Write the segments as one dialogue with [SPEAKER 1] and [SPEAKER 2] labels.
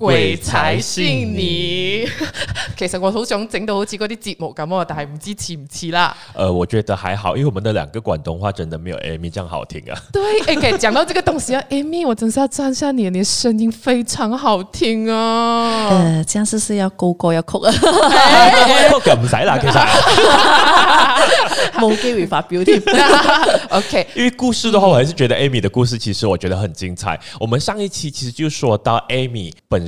[SPEAKER 1] 鬼才信你， 其實我好想整到好似嗰啲節目咁，但係唔知似唔似啦。誒、
[SPEAKER 2] 呃，我覺得還好，因為我們的兩個廣東話真的
[SPEAKER 3] 沒
[SPEAKER 1] 有 Amy 這樣好聽啊。對，OK，講到這個東西啊 ，Amy，我真是要讚下你，你的聲音非常好聽啊。誒、呃，是不是要高歌一曲啊，
[SPEAKER 3] 高歌就唔使啦，其實冇機會發表添。
[SPEAKER 2] OK， 因為故事的話，我還是覺得 Amy 的故事其實我覺得很精彩。我們上一期其實就說到 Amy 本。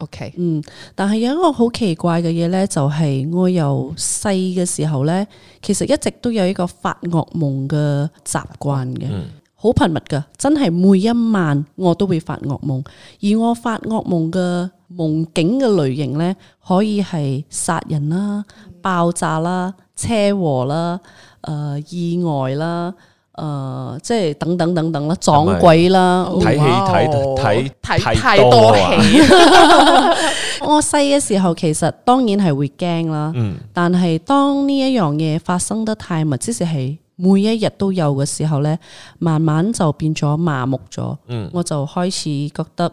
[SPEAKER 3] OK，嗯，但係有一個好奇怪嘅嘢咧，就係、是、我由細嘅時候咧、嗯，其實一直都有一個發噩夢嘅習慣嘅，好、嗯、頻密噶，真係每一晚我都會發噩夢。而我發噩夢嘅夢境嘅類型咧，可以係殺人啦、爆炸啦、車禍啦、誒、呃、意外啦。誒、呃，即係等等等等啦，撞鬼啦，睇戲睇睇
[SPEAKER 2] 太多戲。
[SPEAKER 3] 我細嘅時候其實當然係會驚啦，嗯、但係當呢一樣嘢發生得太密，即使係每一日都有嘅時候咧，慢慢就變咗麻木咗。嗯，我就開始覺得。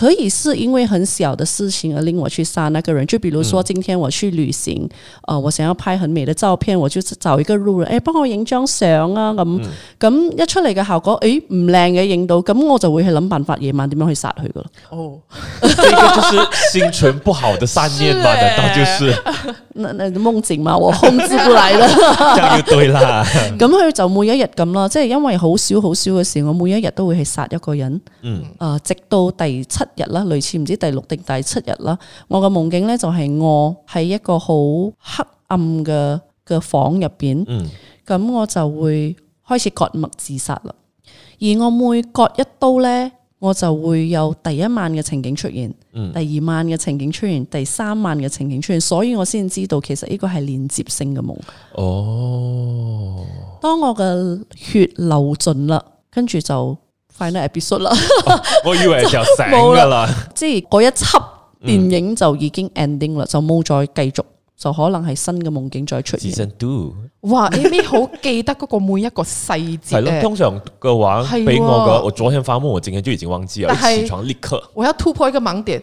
[SPEAKER 3] 可以是因為很小的事情而令我去殺那個人，就比如說今天我去旅行，嗯呃、我想要拍很美的照片，我就是找一個路人，誒、欸，幫我影張相啊，咁咁一出嚟嘅效果，誒、欸，唔靚嘅影到，咁、嗯、我就會去諗辦法，夜晚點樣去殺佢噶啦。
[SPEAKER 2] 哦，呢 個就是心存不好的善念嘛，難道就是？
[SPEAKER 3] 夢境嘛，我控制唔嚟啦，就要對啦。咁佢就每一日咁啦，即係因為好少好少嘅事，我每一日都會去殺一個人。嗯，啊，直到第七日啦，類似唔知第六定第七日啦，我嘅夢境咧就係我喺一個好黑暗嘅嘅房入邊，咁、嗯、我就會開始割脈自殺啦。而我每割一刀咧，我就會有第一晚嘅情景出現，第二晚嘅情景出現，第三晚嘅情景出現，所以我先知道其實呢個係連接性嘅夢。哦，當我嘅血流盡啦，跟住就 f i n 必 in 啦，
[SPEAKER 2] 我以為就醒噶啦，
[SPEAKER 3] 即係嗰一輯電影就已經 ending 啦，就冇再繼續。就可能是新嘅夢境再出現。都
[SPEAKER 1] 哇 ，Amy 好記得嗰個每一個細節。通
[SPEAKER 3] 常嘅話，俾、哦、我嘅，我
[SPEAKER 2] 昨天發夢，我今天就已經忘記了。起床立刻，
[SPEAKER 1] 我要突破一個盲點。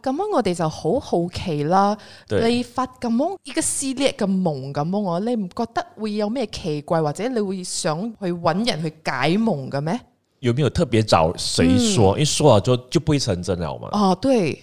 [SPEAKER 1] 咁樣我哋就好好奇啦，你發咁樣一個系列嘅夢咁樣，我你唔覺得會有咩奇怪，或者你會想去揾人去解夢嘅咩？
[SPEAKER 2] 有沒有特別找誰說？一、嗯、說了就就不會成真啦，好嗎？
[SPEAKER 1] 哦、啊，對。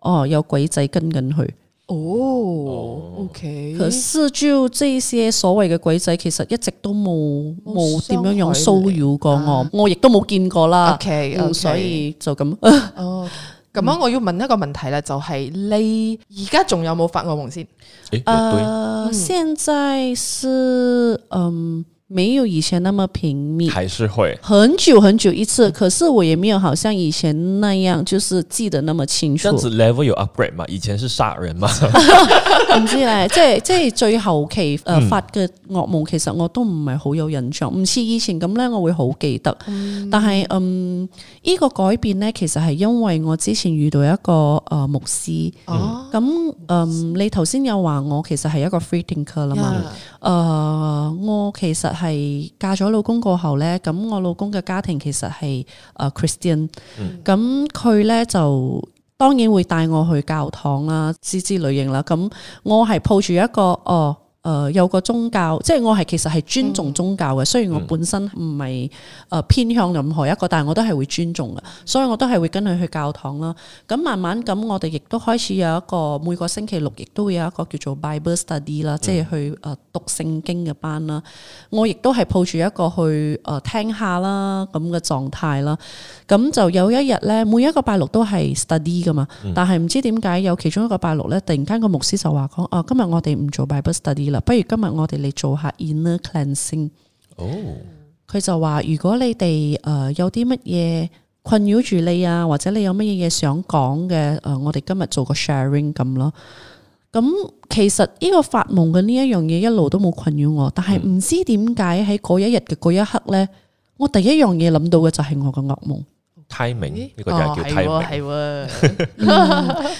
[SPEAKER 3] 哦，有鬼仔跟緊佢。
[SPEAKER 1] 哦，哦，OK。可是
[SPEAKER 3] 就這些所謂嘅鬼仔，其實一直都冇冇點樣用騷擾過我，啊、
[SPEAKER 1] 我亦都冇見過啦。OK，咁、okay、所以就咁、啊。哦，咁樣我要問一個問題啦，就係、是、你而家仲有冇發噩夢先？誒、嗯欸呃，現在是嗯。沒有以前那麼
[SPEAKER 3] 頻密，還是會很久很久一次。可是我也沒有好像以前那樣，就是記得那麼清楚。這樣子
[SPEAKER 2] level 有 upgrade 嘛？以前是殺人嘛？
[SPEAKER 3] 唔 知咧，即係即係最後期誒發嘅噩夢，其實我都唔係好有印象，唔似以前咁咧，我會好記得。但係嗯，呢、呃這個改變咧，其實係因為我之前遇到一個誒、呃、牧師哦，咁誒、呃、你頭先又話我其實係一個 free thinker 啦嘛，誒、嗯呃，我其實。係嫁咗老公過後咧，咁我老公嘅家庭其實係誒 Christian，咁佢咧就當然會帶我去教堂啦，之之類型啦。咁我係抱住一個哦。誒、呃，有個宗教，即係我係其實係尊重宗教嘅，嗯。雖然我本身唔係誒偏向任何一個，但係我都係會尊重嘅。所以我都係會跟佢去教堂啦。咁慢慢咁，我哋亦都開始有一個每個星期六亦都會有一個叫做 Bible Study 啦，嗯，即係去誒讀聖經嘅班啦。我亦都係抱住一個去誒聽下啦咁嘅狀態啦。咁就有一日咧，每一個拜六都係 study 噶嘛，但係唔知點解有其中一個拜六咧，突然間個牧師就話講，啊，今日我哋唔做 Bible Study。不如今日我哋嚟做下 inner cleansing。哦，佢就話，如果你哋誒有啲乜嘢困擾住你啊，或者你有乜嘢嘢想講嘅誒，我哋今日做個 sharing 咁咯。咁其實呢個發夢嘅呢一樣嘢一路都冇困擾我，但係唔知點解喺嗰一日嘅嗰一刻咧，我第一樣嘢諗到嘅就係我嘅噩夢。
[SPEAKER 2] 明呢、欸這個就係叫泰
[SPEAKER 1] 明，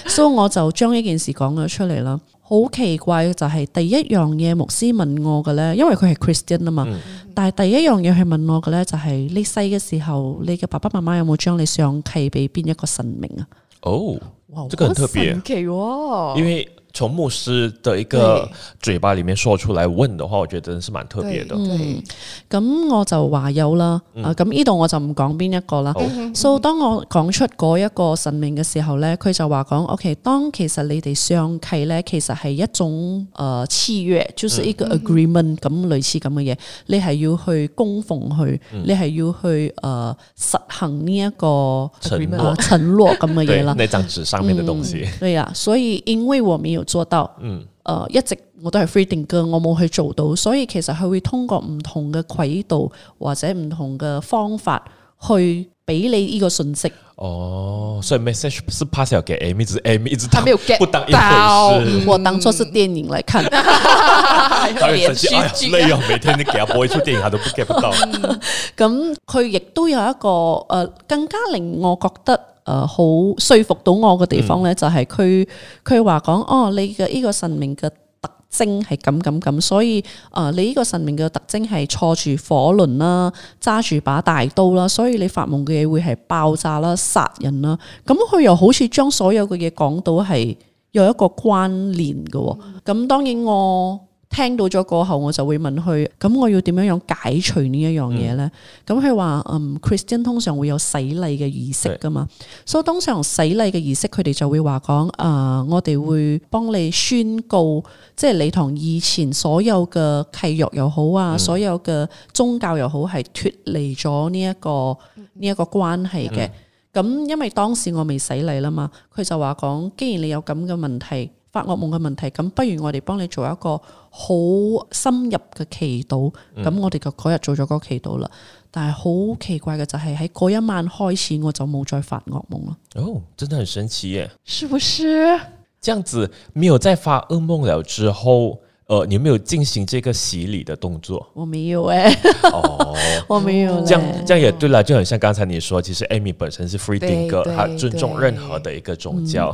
[SPEAKER 3] 所以我就將一件事講咗出嚟啦。好奇怪嘅就係第一樣嘢牧師問我嘅咧，因為佢係 Christian 啊、嗯、嘛。但係第一樣嘢係問我嘅咧、就是，就係你細嘅時候，你嘅爸爸媽媽有冇將你上契俾邊一個神明啊？
[SPEAKER 2] 哦，哇，即個好特別，
[SPEAKER 1] 奇、哦，
[SPEAKER 3] 因為。
[SPEAKER 2] 從牧師的一個嘴巴裏面說出來問的話，我覺得真是蠻特別的。
[SPEAKER 3] 咁、嗯、我就話有啦，嗯、啊咁呢度我就唔講邊一個啦。嗯、，so、嗯、當我講出嗰一個神明嘅時候咧，佢、嗯、就話講：，OK，當其實你哋相契咧，其實係一種誒、呃、契約，就是一個 agreement，咁、嗯、類似咁嘅嘢。你係要去供奉、嗯、佢，你係要去誒實行呢、這、一個承諾，承諾咁嘅嘢啦。那張紙上面嘅東西。嗯、對啊，所以因為我哋。做到、呃，一直我都係 freeding 嘅，我冇去做到，所以其實佢會通過唔同嘅軌道或者唔同嘅方法去。俾你呢個信息哦，所、oh,
[SPEAKER 2] 以、so、message 是 pass 掉給 Amy，只 Amy 一直他沒有 get 到、嗯，我
[SPEAKER 3] 當初是電影來看，好神奇，累
[SPEAKER 2] 啊，每天你給他播一齣電影，佢都不 get 不到。
[SPEAKER 3] 咁佢亦都有一個誒、呃、更加令我覺得誒、呃、好說服到我嘅地方咧、嗯，就係佢佢話講哦，你嘅呢個神明嘅。精係咁咁咁，所以啊、呃，你呢個神明嘅特徵係坐住火輪啦，揸住把大刀啦，所以你發夢嘅嘢會係爆炸啦、殺人啦，咁佢又好似將所有嘅嘢講到係有一個關聯嘅，咁當然我。聽到咗過後，我就會問佢：咁我要點樣樣解除呢一樣嘢咧？咁佢話：嗯，嗯，Christian 通常會有洗禮嘅儀式噶嘛，所以通常洗禮嘅儀式，佢哋就會話講：啊、呃，我哋會幫你宣告，即、就、係、是、你同以前所有嘅契約又好啊、嗯，所有嘅宗教又好脫、這個，係脱離咗呢一個呢一個關係嘅。咁、嗯、因為當時我未洗禮啦嘛，佢就話講：既然你有咁嘅問題。發噩夢嘅問題，咁不如我哋幫你做一個好深入嘅祈禱。咁、嗯、我哋就嗰日做咗個祈禱啦，但係好奇怪嘅就係喺嗰一晚開始我就冇再發噩夢啦。哦，
[SPEAKER 2] 真的很神奇耶！是不是？這樣子沒有再發噩夢了之後，誒、呃，你有沒有進行這個洗禮的動作？
[SPEAKER 3] 我沒有誒、 哦，我沒有。這樣，這
[SPEAKER 2] 樣也對啦，就很像剛才你說，其實 Amy 本身是 free thinker，佢尊重任何嘅一個宗教。